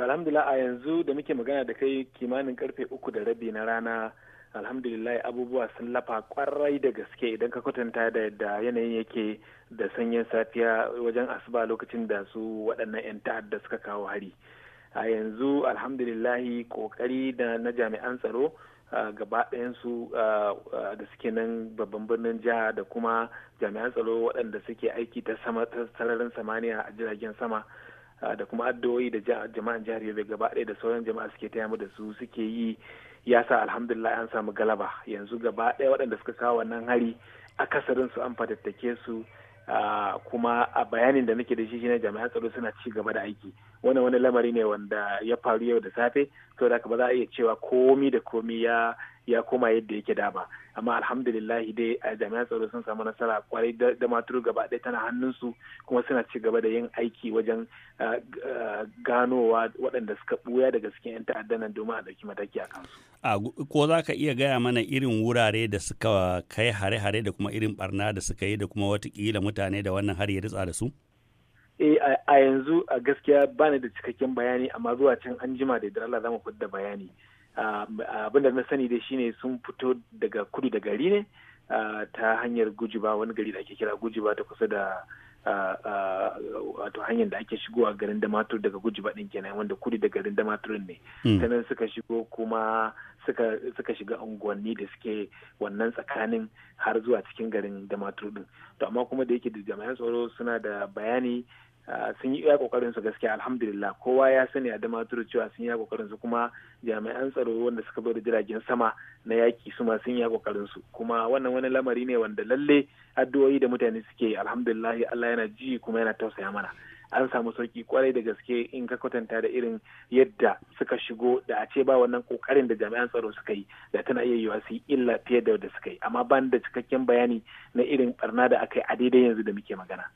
to alhamdulillah a yanzu da muke magana da kai kimanin karfe uku da rabi na rana alhamdulillah abubuwa sun lafa kwarai da gaske idan ka kwatanta da yadda yanayin yake da sanyin safiya wajen asuba lokacin da su waɗannan 'yan ta'adda suka kawo hari a yanzu alhamdulillahi kokari da na jami'an tsaro gaba ɗayansu da suke nan babban birnin jiha da kuma jami'an tsaro waɗanda suke aiki ta sararin samaniya a jiragen sama da kuma addu'o'i da jama'an jihar Yobe gaba ɗaya da sauran jama'a suke taya mu da su suke yi ya sa alhamdulillah an samu galaba yanzu gaba ɗaya waɗanda suka kawo wannan hari akasarin su an fatattake su kuma a bayanin da nake da shi shine jami'an tsaro suna ci gaba da aiki wannan wani lamari ne wanda ya faru yau da safe to da ba za a iya cewa komi da komi ya ya koma yadda yake da ba amma alhamdulillah dai a jami'an tsaro sun samu nasara kwarai da maturu gaba ɗaya tana hannunsu kuma suna ci gaba da yin aiki wajen ganowa waɗanda suka buya daga cikin 'yan ta'adda nan domin a ɗauki mataki a kansu. a ko za ka iya gaya mana irin wurare da suka kai hare-hare da kuma irin barna da suka yi da kuma watakila mutane da wannan har ya ritsa da su? Eh, a yanzu a gaskiya bani da cikakken bayani amma zuwa can an jima da Allah za mu fidda bayani abin da na sani da shine sun fito daga kudu da gari ne ta hanyar gujiba wani gari da ake kira gujiba ta kusa da wato hanyar da ake shigo a garin damatur daga gujiba din kenan wanda kudu da garin damatur ne sanan hmm. suka shigo kuma suka shiga unguwanni da suke wannan tsakanin har zuwa cikin garin damatur din to amma kuma da yake da jami'an tsaro suna da bayani Ah, sun yi iya kokarin su gaskiya alhamdulillah kowa ya sani a damaturu cewa sun yi kokarin su kuma jami'an tsaro wanda suka bar jiragen sama na yaki su ma sun yi kokarin su kuma wannan wani lamari ne wanda lalle addu'o'i da mutane suke alhamdulillah Allah yana ji kuma yana tausaya mana an samu sauki kwarai da gaske in ka kwatanta da irin yadda suka shigo da a ce ba wannan kokarin da jami'an tsaro suka yi da tana iya yiwa su illa fiye da suka yi amma ban da cikakken bayani na irin barna da aka yi a daidai yanzu da muke magana